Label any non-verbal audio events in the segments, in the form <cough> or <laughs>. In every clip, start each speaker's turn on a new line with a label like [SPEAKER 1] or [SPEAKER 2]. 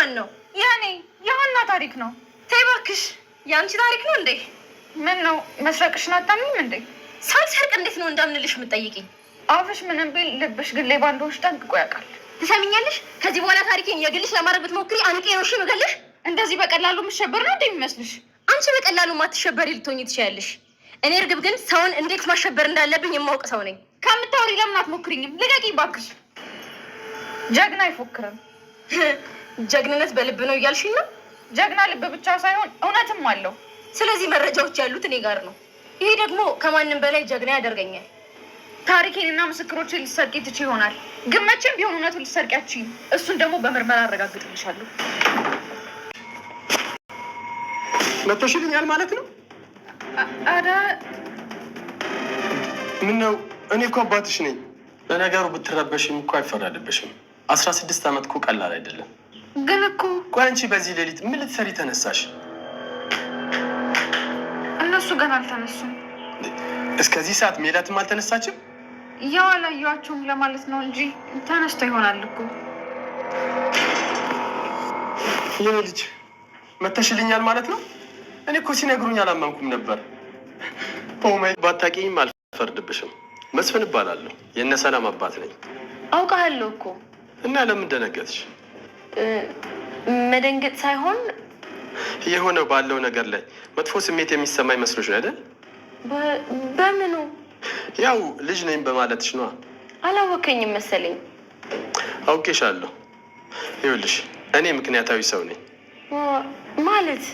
[SPEAKER 1] የማን ነው?
[SPEAKER 2] የኔ የሀና ታሪክ ነው።
[SPEAKER 1] ተይ እባክሽ፣ የአንቺ ታሪክ ነው እንዴ?
[SPEAKER 2] ምን ነው መስረቅሽን አታምኝም እንዴ?
[SPEAKER 1] ሳልሰርቅ እንዴት ነው እንዳምንልሽ የምጠይቅኝ?
[SPEAKER 2] አፍሽ ምንም ቢል ልብሽ ግን ሌባ እንደሆንሽ ጠንቅቆ ያውቃል።
[SPEAKER 1] ትሰሚኛለሽ? ከዚህ በኋላ ታሪኬን የግልሽ ለማድረግ ብትሞክሪ አንቄ ነው የምገልሽ።
[SPEAKER 2] እንደዚህ በቀላሉ የምትሸበር ነው እንደ የሚመስልሽ?
[SPEAKER 1] አንቺ በቀላሉ ማትሸበሪ ልትሆኝ ትችያለሽ። እኔ እርግብ ግን ሰውን እንዴት ማሸበር እንዳለብኝ የማውቅ ሰው ነኝ።
[SPEAKER 2] ከምታወሪ ለምን አትሞክሪኝም? ልቀቂ እባክሽ። ጀግና አይፎክርም።
[SPEAKER 1] <laughs> ጀግንነት በልብ ነው እያልሽኝ ነው?
[SPEAKER 2] ጀግና ልብ ብቻ ሳይሆን እውነትም አለው።
[SPEAKER 1] ስለዚህ መረጃዎች ያሉት እኔ ጋር ነው። ይሄ ደግሞ ከማንም በላይ ጀግና ያደርገኛል። ታሪኬንና ምስክሮችን ልትሰርቂ ትች ይሆናል፣ ግን መቼም ቢሆን እውነቱን ልትሰርቂ እሱን ደግሞ በምርመራ አረጋግጥልሻለሁ።
[SPEAKER 3] መቶሽልኛል ማለት ነው? ኧረ ምነው እኔ እኮ አባትሽ ነኝ። ለነገሩ ብትረበሽም እኮ አይፈረድብሽም። አስራ ስድስት ዓመት እኮ ቀላል አይደለም። ግን እኮ ቆይ፣ አንቺ በዚህ ሌሊት ምን ልትሰሪ ተነሳሽ?
[SPEAKER 2] እነሱ ገና አልተነሱም።
[SPEAKER 3] እስከዚህ ሰዓት ሜላትም አልተነሳችም።
[SPEAKER 2] ያው አላየኋቸውም ለማለት ነው እንጂ ተነስተ ይሆናል እኮ።
[SPEAKER 3] የኔ ልጅ መተሽልኛል ማለት ነው። እኔ እኮ ሲነግሩኝ አላመንኩም ነበር። ኦማይ ባታቂኝም አልፈርድብሽም። መስፍን እባላለሁ የእነ ሰላም አባት ነኝ።
[SPEAKER 2] አውቃለሁ እኮ
[SPEAKER 3] እና ለምን ደነገጥሽ?
[SPEAKER 2] መደንገጥ ሳይሆን
[SPEAKER 3] የሆነ ባለው ነገር ላይ መጥፎ ስሜት የሚሰማኝ ይመስሎች ነው አይደል? በምኑ? ያው ልጅ ነኝ በማለትሽ ነዋ።
[SPEAKER 2] አላወከኝም መሰለኝ።
[SPEAKER 3] አውቄሻለሁ። ይኸውልሽ እኔ ምክንያታዊ ሰው ነኝ። ማለት?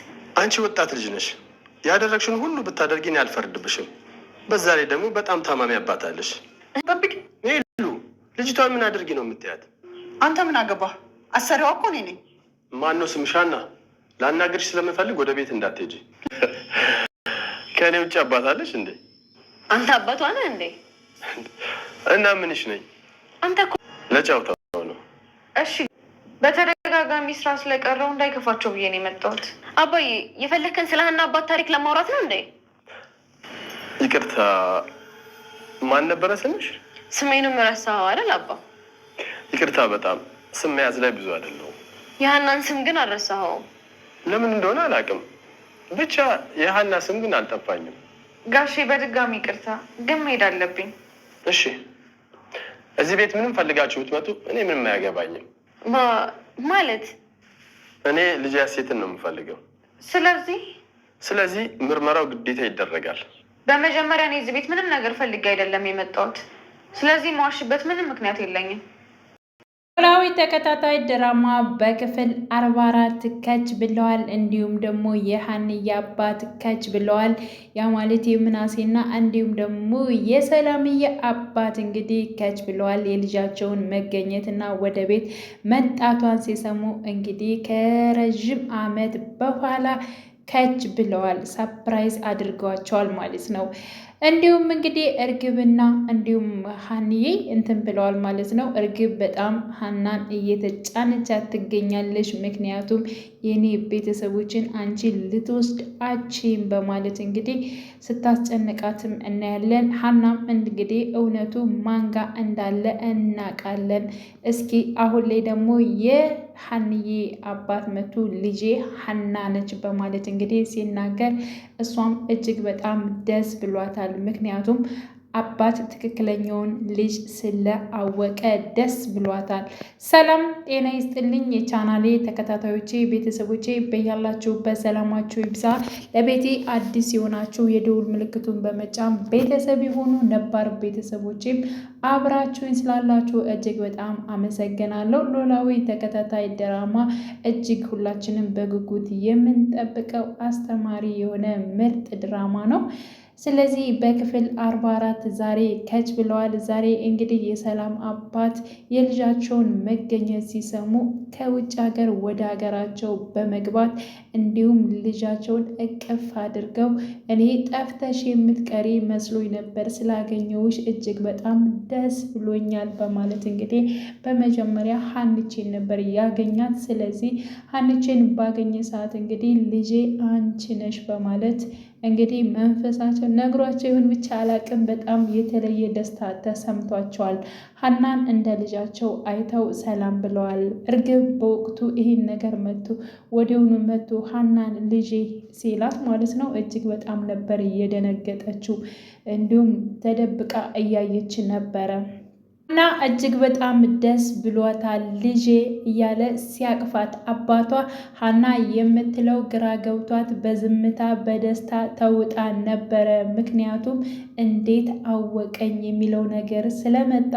[SPEAKER 3] አንቺ ወጣት ልጅ ነሽ። ያደረግሽን ሁሉ ብታደርጊ እኔ አልፈርድብሽም። በዛ ላይ ደግሞ በጣም ታማሚ አባታለሽ። ልጅቷ ምን አድርጊ ነው የምትያት?
[SPEAKER 2] አንተ ምን አገባህ? አሰሪዋ እኮ እኔ ነኝ።
[SPEAKER 3] ማነው ስምሻና? ላናገርሽ ስለምፈልግ ወደ ቤት እንዳትሄጂ። ከእኔ ውጭ አባታለሽ እንዴ?
[SPEAKER 2] አንተ አባቷ ነህ እንዴ?
[SPEAKER 3] እና ምንሽ ነኝ? አንተ እኮ ለጫውታ ነው።
[SPEAKER 2] እሺ፣ በተደጋጋሚ ስራ ስለቀረው እንዳይከፋቸው ብዬ ነው የመጣሁት። አባዬ፣ የፈለግከን ስለ ሀና አባት ታሪክ ለማውራት ነው እንዴ?
[SPEAKER 3] ይቅርታ፣ ማን ነበረ ስምሽ?
[SPEAKER 2] ስሜንም ረሳኸው አይደል አባ?
[SPEAKER 3] ይቅርታ በጣም ስም መያዝ ላይ ብዙ አይደለሁም።
[SPEAKER 2] የሀናን ስም ግን አልረሳኸውም?
[SPEAKER 3] ለምን እንደሆነ አላውቅም። ብቻ የሀና ስም ግን አልጠፋኝም።
[SPEAKER 2] ጋሼ በድጋሚ ይቅርታ፣ ግን መሄድ አለብኝ።
[SPEAKER 3] እሺ፣ እዚህ ቤት ምንም ፈልጋችሁ ብትመጡ እኔ ምንም አያገባኝም። ማለት እኔ ልጅ ያሴትን ነው የምፈልገው። ስለዚህ ስለዚህ ምርመራው ግዴታ ይደረጋል።
[SPEAKER 2] በመጀመሪያ እኔ እዚህ ቤት ምንም ነገር ፈልጌ አይደለም የመጣሁት። ስለዚህ መዋሽበት ምንም ምክንያት የለኝም።
[SPEAKER 4] ኖላዊ ተከታታይ ድራማ በክፍል 44 ከች ብለዋል። እንዲሁም ደግሞ የሀንዬ አባት ከች ብለዋል። ያ ማለት የምናሴና እንዲሁም ደግሞ የሰላምዬ አባት እንግዲህ ከች ብለዋል። የልጃቸውን መገኘትና ወደ ቤት መጣቷን ሲሰሙ እንግዲህ ከረዥም ዓመት በኋላ ከች ብለዋል። ሰፕራይዝ አድርገዋቸዋል ማለት ነው። እንዲሁም እንግዲህ እርግብና እንዲሁም ሀንዬ እንትን ብለዋል ማለት ነው። እርግብ በጣም ሀናን እየተጫነቻት ትገኛለች። ምክንያቱም የኔ ቤተሰቦችን አንቺ ልትወስድ አችም በማለት እንግዲህ ስታስጨንቃትም እናያለን። ሀናም እንግዲህ እውነቱ ማንጋ እንዳለ እናቃለን። እስኪ አሁን ላይ ደግሞ የሀንዬ አባት መቱ ልጄ ሀና ነች በማለት እንግዲህ ሲናገር እሷም እጅግ በጣም ደስ ብሏታል። ምክንያቱም አባት ትክክለኛውን ልጅ ስለአወቀ ደስ ብሏታል። ሰላም ጤና ይስጥልኝ የቻናሌ ተከታታዮቼ ቤተሰቦቼ በያላችሁበት ሰላማችሁ ይብዛ። ለቤቴ አዲስ የሆናችሁ የደውል ምልክቱን በመጫን ቤተሰብ የሆኑ ነባር ቤተሰቦቼም አብራችሁኝ ስላላችሁ እጅግ በጣም አመሰግናለሁ። ኖላዊ ተከታታይ ድራማ እጅግ ሁላችንም በጉጉት የምንጠብቀው አስተማሪ የሆነ ምርጥ ድራማ ነው። ስለዚህ በክፍል አርባ አራት ዛሬ ከች ብለዋል። ዛሬ እንግዲህ የሰላም አባት የልጃቸውን መገኘት ሲሰሙ ከውጭ ሀገር ወደ ሀገራቸው በመግባት እንዲሁም ልጃቸውን እቅፍ አድርገው እኔ ጠፍተሽ የምትቀሪ መስሎኝ ነበር ስላገኘውሽ እጅግ በጣም ደስ ብሎኛል በማለት እንግዲህ በመጀመሪያ ሀንቼን ነበር ያገኛት። ስለዚህ ሀንቼን ባገኘ ሰዓት እንግዲህ ልጄ አንቺ ነሽ በማለት እንግዲህ መንፈሳቸው ነግሯቸው ይሁን ብቻ አላቅም፣ በጣም የተለየ ደስታ ተሰምቷቸዋል። ሀናን እንደ ልጃቸው አይተው ሰላም ብለዋል። እርግብ በወቅቱ ይህን ነገር መቶ ወዲያውኑ መቶ ሀናን ልጄ ሲላት ማለት ነው እጅግ በጣም ነበር እየደነገጠችው፣ እንዲሁም ተደብቃ እያየች ነበረ። እና እጅግ በጣም ደስ ብሏታል ልጄ እያለ ሲያቅፋት አባቷ ሀና የምትለው ግራ ገብቷት በዝምታ በደስታ ተውጣ ነበረ። ምክንያቱም እንዴት አወቀኝ የሚለው ነገር ስለመጣ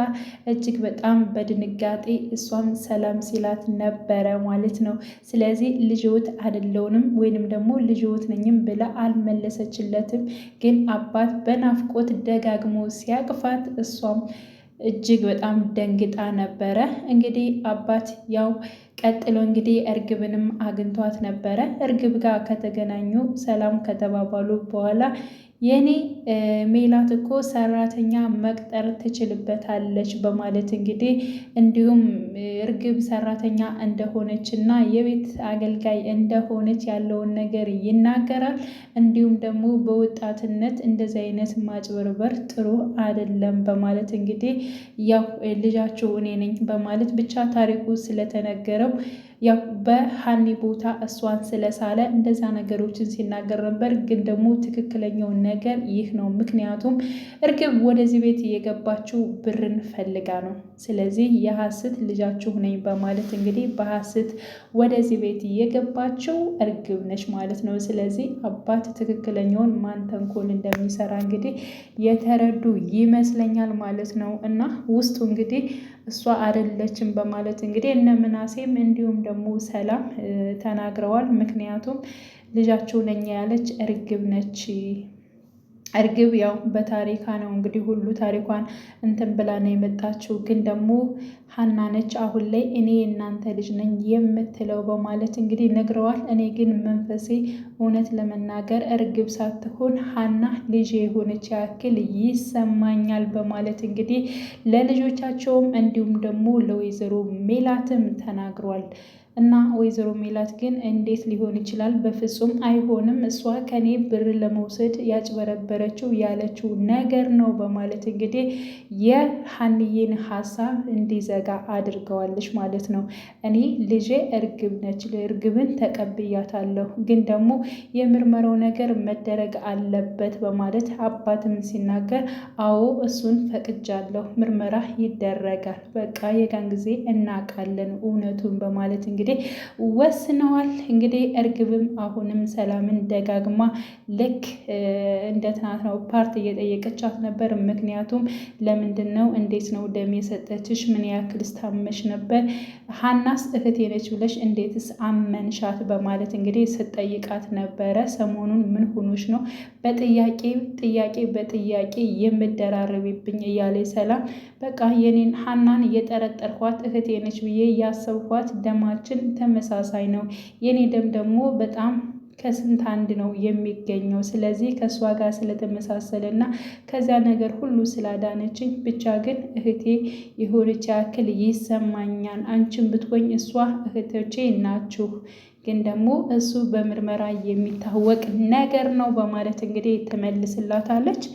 [SPEAKER 4] እጅግ በጣም በድንጋጤ እሷም ሰላም ሲላት ነበረ ማለት ነው። ስለዚህ ልጅዎት አይደለውንም ወይንም ደግሞ ልጅዎት ነኝም ብላ አልመለሰችለትም። ግን አባት በናፍቆት ደጋግሞ ሲያቅፋት እሷም እጅግ በጣም ደንግጣ ነበረ። እንግዲህ አባት ያው ቀጥሎ እንግዲህ እርግብንም አግኝቷት ነበረ። እርግብ ጋር ከተገናኙ ሰላም ከተባባሉ በኋላ የኔ ሜላት እኮ ሰራተኛ መቅጠር ትችልበታለች በማለት እንግዲህ እንዲሁም እርግብ ሰራተኛ እንደሆነች እና የቤት አገልጋይ እንደሆነች ያለውን ነገር ይናገራል። እንዲሁም ደግሞ በወጣትነት እንደዚህ አይነት ማጭበርበር ጥሩ አይደለም በማለት እንግዲህ ያው ልጃችሁ እኔ ነኝ በማለት ብቻ ታሪኩ ስለተነገረው የሚባለው ያው በሀኒ ቦታ እሷን ስለሳለ እንደዛ ነገሮችን ሲናገር ነበር። ግን ደግሞ ትክክለኛውን ነገር ይህ ነው። ምክንያቱም እርግብ ወደዚህ ቤት የገባችው ብርን ፈልጋ ነው። ስለዚህ የሀስት ልጃችሁ ነኝ በማለት እንግዲህ በሀስት ወደዚህ ቤት የገባችው እርግብ ነች ማለት ነው። ስለዚህ አባት ትክክለኛውን ማን ተንኮል እንደሚሰራ እንግዲህ የተረዱ ይመስለኛል ማለት ነው። እና ውስጡ እንግዲህ እሷ አይደለችም በማለት እንግዲህ እነ ምናሴም እንዲሁም ደግሞ ሰላም ተናግረዋል። ምክንያቱም ልጃቸው ነኛ ያለች እርግብ ነች እርግብ ያው በታሪካ ነው እንግዲህ ሁሉ ታሪኳን እንትን ብላ ነው የመጣችው። ግን ደግሞ ሀና ነች አሁን ላይ እኔ የእናንተ ልጅ ነኝ የምትለው በማለት እንግዲህ ነግረዋል። እኔ ግን መንፈሴ እውነት ለመናገር እርግብ ሳትሆን ሀና ልጅ የሆነች ያክል ይሰማኛል በማለት እንግዲህ ለልጆቻቸውም እንዲሁም ደግሞ ለወይዘሮ ሜላትም ተናግሯል። እና ወይዘሮ ሜላት ግን እንዴት ሊሆን ይችላል? በፍጹም አይሆንም። እሷ ከኔ ብር ለመውሰድ ያጭበረበረችው ያለችው ነገር ነው በማለት እንግዲህ የሀንዬን ሀሳብ እንዲዘጋ አድርገዋለች ማለት ነው። እኔ ልጄ እርግብ ነች፣ እርግብን ተቀብያታለሁ፣ ግን ደግሞ የምርመራው ነገር መደረግ አለበት በማለት አባትም ሲናገር አዎ እሱን ፈቅጃለሁ፣ ምርመራ ይደረጋል፣ በቃ የጋን ጊዜ እናውቃለን እውነቱን በማለት እንግዲህ እንግዲህ ወስነዋል። እንግዲህ እርግብም አሁንም ሰላምን ደጋግማ ልክ እንደ ትናንት ነው ፓርት እየጠየቀቻት ነበር። ምክንያቱም ለምንድን ነው እንዴት ነው ደም የሰጠችሽ? ምን ያክል ስታመሽ ነበር? ሀናስ እህቴ ነች ብለሽ እንዴትስ አመንሻት? በማለት እንግዲህ ስትጠይቃት ነበረ። ሰሞኑን ምን ሆኖች ነው በጥያቄ ጥያቄ በጥያቄ የምደራረብብኝ እያለ ሰላም በቃ የኔን ሀናን እየጠረጠርኳት እህቴ ነች ብዬ ያሰብኳት ደማችን ደም ተመሳሳይ ነው። የኔ ደም ደግሞ በጣም ከስንት አንድ ነው የሚገኘው። ስለዚህ ከእሷ ጋር ስለተመሳሰለ እና ከዚያ ነገር ሁሉ ስላዳነችኝ ብቻ ግን እህቴ የሆነች ያክል ይሰማኛል። አንቺን ብትሆኝ እሷ እህቶቼ ናችሁ፣ ግን ደግሞ እሱ በምርመራ የሚታወቅ ነገር ነው በማለት እንግዲህ ትመልስላታለች።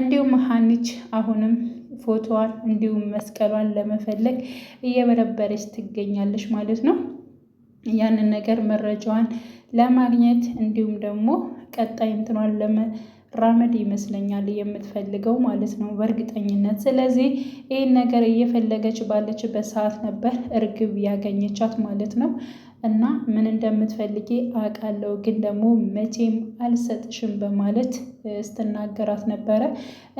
[SPEAKER 4] እንዲሁም ሀኒች አሁንም ፎቶዋን እንዲሁም መስቀሏን ለመፈለግ እየበረበረች ትገኛለች ማለት ነው። ያንን ነገር መረጃዋን ለማግኘት እንዲሁም ደግሞ ቀጣይ እንትኗን ለመራመድ ይመስለኛል የምትፈልገው ማለት ነው በእርግጠኝነት። ስለዚህ ይህን ነገር እየፈለገች ባለችበት ሰዓት ነበር እርግብ ያገኘቻት ማለት ነው። እና ምን እንደምትፈልጊ አውቃለሁ ግን ደግሞ መቼም አልሰጥሽም በማለት ስትናገራት ነበረ።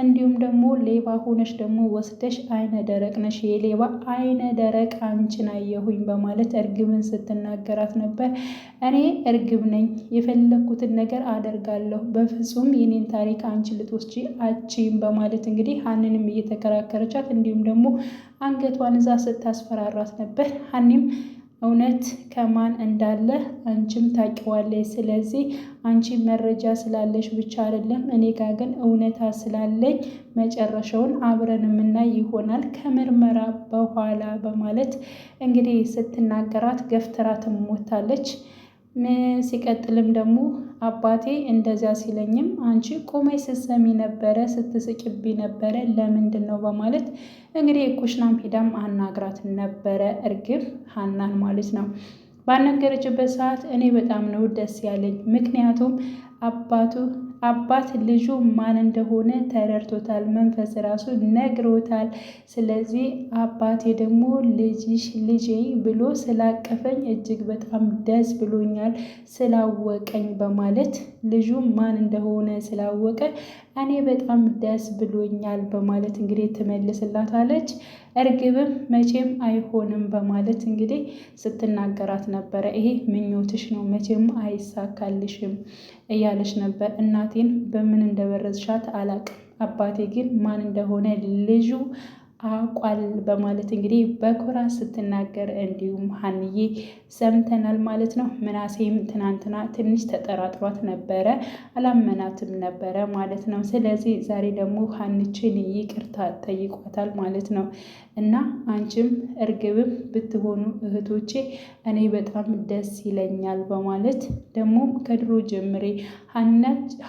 [SPEAKER 4] እንዲሁም ደግሞ ሌባ ሆነሽ ደግሞ ወስደሽ አይነ ደረቅ ነሽ፣ የሌባ አይነ ደረቅ አንቺን አየሁኝ በማለት እርግብን ስትናገራት ነበር። እኔ እርግብ ነኝ፣ የፈለግኩትን ነገር አደርጋለሁ፣ በፍጹም የኔን ታሪክ አንቺ ልትወስጂ አቺም በማለት እንግዲህ ሀንንም እየተከራከረቻት እንዲሁም ደግሞ አንገቷን እዛ ስታስፈራራት ነበር ሀኒም እውነት ከማን እንዳለ አንቺም ታውቂዋለሽ። ስለዚህ አንቺ መረጃ ስላለሽ ብቻ አይደለም፣ እኔ ጋር ግን እውነታ ስላለኝ መጨረሻውን አብረን የምናይ ይሆናል ከምርመራ በኋላ በማለት እንግዲህ ስትናገራት ገፍትራትም ሞታለች። ሲቀጥልም ደግሞ አባቴ እንደዚያ ሲለኝም አንቺ ቆመሽ ስትሰሚ ነበረ ስትስጭብ ነበረ ለምንድን ነው በማለት እንግዲህ የኩሽናም ሂዳም አናግራት ነበረ እርግብ ሀናን ማለት ነው። ባነገረችበት ሰዓት እኔ በጣም ነው ደስ ያለኝ ምክንያቱም አባቱ አባት ልጁ ማን እንደሆነ ተረድቶታል። መንፈስ ራሱ ነግሮታል። ስለዚህ አባቴ ደግሞ ልጅሽ ልጄ ብሎ ስላቀፈኝ እጅግ በጣም ደስ ብሎኛል ስላወቀኝ በማለት ልጁ ማን እንደሆነ ስላወቀ እኔ በጣም ደስ ብሎኛል በማለት እንግዲህ ትመልስላታለች። እርግብም መቼም አይሆንም በማለት እንግዲህ ስትናገራት ነበረ። ይሄ ምኞትሽ ነው መቼም አይሳካልሽም እያለች ነበር። እናቴን በምን እንደበረዝሻት አላቅም፣ አባቴ ግን ማን እንደሆነ ልጁ አውቋል በማለት እንግዲህ በኩራት ስትናገር እንዲሁም ሀንዬ ሰምተናል ማለት ነው። ምናሴም ትናንትና ትንሽ ተጠራጥሯት ነበረ፣ አላመናትም ነበረ ማለት ነው። ስለዚህ ዛሬ ደግሞ ሀንችን ይቅርታ ጠይቋታል ማለት ነው። እና አንቺም እርግብም ብትሆኑ እህቶቼ እኔ በጣም ደስ ይለኛል በማለት ደግሞ ከድሮ ጀምሬ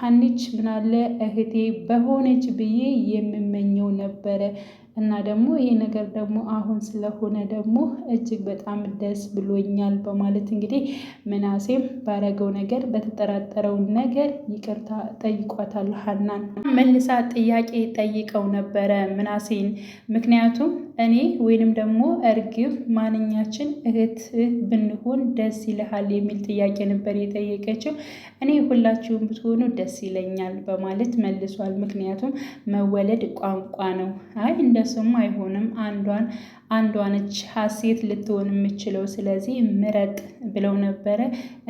[SPEAKER 4] ሀንች ምናለ እህቴ በሆነች ብዬ የምመኘው ነበረ እና ደግሞ ይሄ ነገር ደግሞ አሁን ስለሆነ ደግሞ እጅግ በጣም ደስ ብሎኛል በማለት እንግዲህ ምናሴም ባረገው ነገር በተጠራጠረው ነገር ይቅርታ ጠይቋታል ሀናን መልሳ ጥያቄ ጠይቀው ነበረ ምናሴን ምክንያቱም እኔ ወይንም ደግሞ እርግብ ማንኛችን እህት ብንሆን ደስ ይልሃል የሚል ጥያቄ ነበር የጠየቀችው። እኔ ሁላችሁም ብትሆኑ ደስ ይለኛል በማለት መልሷል። ምክንያቱም መወለድ ቋንቋ ነው። አይ እንደ ስሙ አይሆንም፣ አንዷን አንዷነች ሀሴት ልትሆን የምችለው ስለዚህ ምረጥ ብለው ነበረ።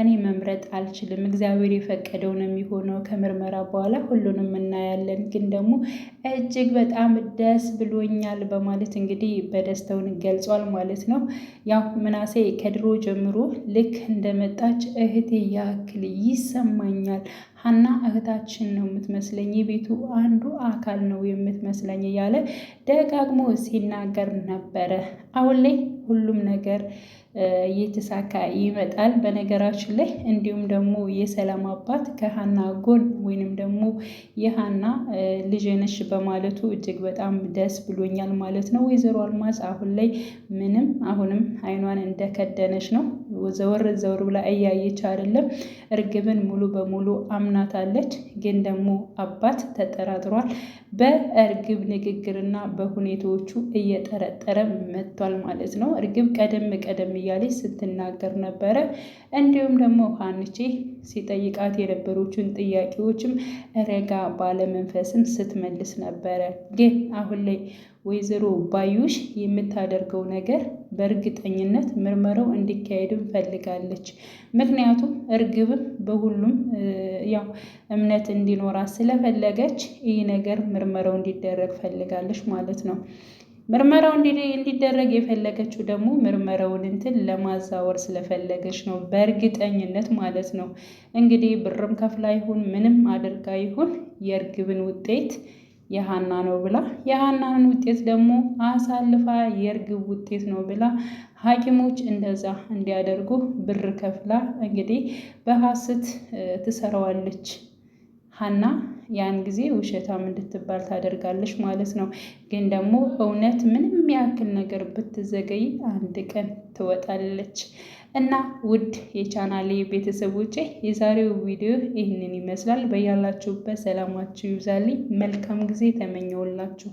[SPEAKER 4] እኔ መምረጥ አልችልም፣ እግዚአብሔር የፈቀደው ነው የሚሆነው። ከምርመራ በኋላ ሁሉንም እናያለን፣ ግን ደግሞ እጅግ በጣም ደስ ብሎኛል በማለት እንግዲህ እንግዲህ በደስታውን ገልጿል ማለት ነው። ያው ምናሴ ከድሮ ጀምሮ ልክ እንደመጣች እህቴ ያክል ይሰማኛል ሀና እህታችን ነው የምትመስለኝ፣ የቤቱ አንዱ አካል ነው የምትመስለኝ እያለ ደጋግሞ ሲናገር ነበረ። አሁን ላይ ሁሉም ነገር እየተሳካ ይመጣል። በነገራችን ላይ እንዲሁም ደግሞ የሰላም አባት ከሀና ጎን ወይንም ደግሞ የሀና ልጅነሽ ነሽ በማለቱ እጅግ በጣም ደስ ብሎኛል ማለት ነው። ወይዘሮ አልማዝ አሁን ላይ ምንም አሁንም አይኗን እንደከደነች ነው ዘወር ዘወር ብላ እያየች አይደለም። እርግብን ሙሉ በሙሉ አምናታለች። ግን ደግሞ አባት ተጠራጥሯል በእርግብ ንግግርና በሁኔታዎቹ እየጠረጠረ መጥቷል ማለት ነው። እርግብ ቀደም ቀደም እያለች ስትናገር ነበረ። እንዲሁም ደግሞ ሀንቼ ሲጠይቃት የነበሩችን ጥያቄዎችም ረጋ ባለመንፈስም ስትመልስ ነበረ። ግን አሁን ላይ ወይዘሮ ባዩሽ የምታደርገው ነገር በእርግጠኝነት ምርመራው እንዲካሄድም ፈልጋለች። ምክንያቱም እርግብም በሁሉም ያው እምነት እንዲኖራት ስለፈለገች ይህ ነገር ምርመራው እንዲደረግ ፈልጋለች ማለት ነው። ምርመራው እንዲደረግ የፈለገችው ደግሞ ምርመራውን እንትን ለማዛወር ስለፈለገች ነው በእርግጠኝነት ማለት ነው። እንግዲህ ብርም ከፍላ ይሁን ምንም አድርጋ ይሁን የእርግብን ውጤት የሀና ነው ብላ የሀናን ውጤት ደግሞ አሳልፋ የእርግብ ውጤት ነው ብላ ሐኪሞች እንደዛ እንዲያደርጉ ብር ከፍላ እንግዲህ በሐሰት ትሰራዋለች ሀና ያን ጊዜ ውሸታም እንድትባል ታደርጋለች ማለት ነው። ግን ደግሞ እውነት ምንም ያክል ነገር ብትዘገይ አንድ ቀን ትወጣለች። እና ውድ የቻናሌ ቤተሰቦቼ የዛሬው ቪዲዮ ይህንን ይመስላል። በያላችሁበት ሰላማችሁ ይብዛልኝ። መልካም ጊዜ ተመኘውላችሁ።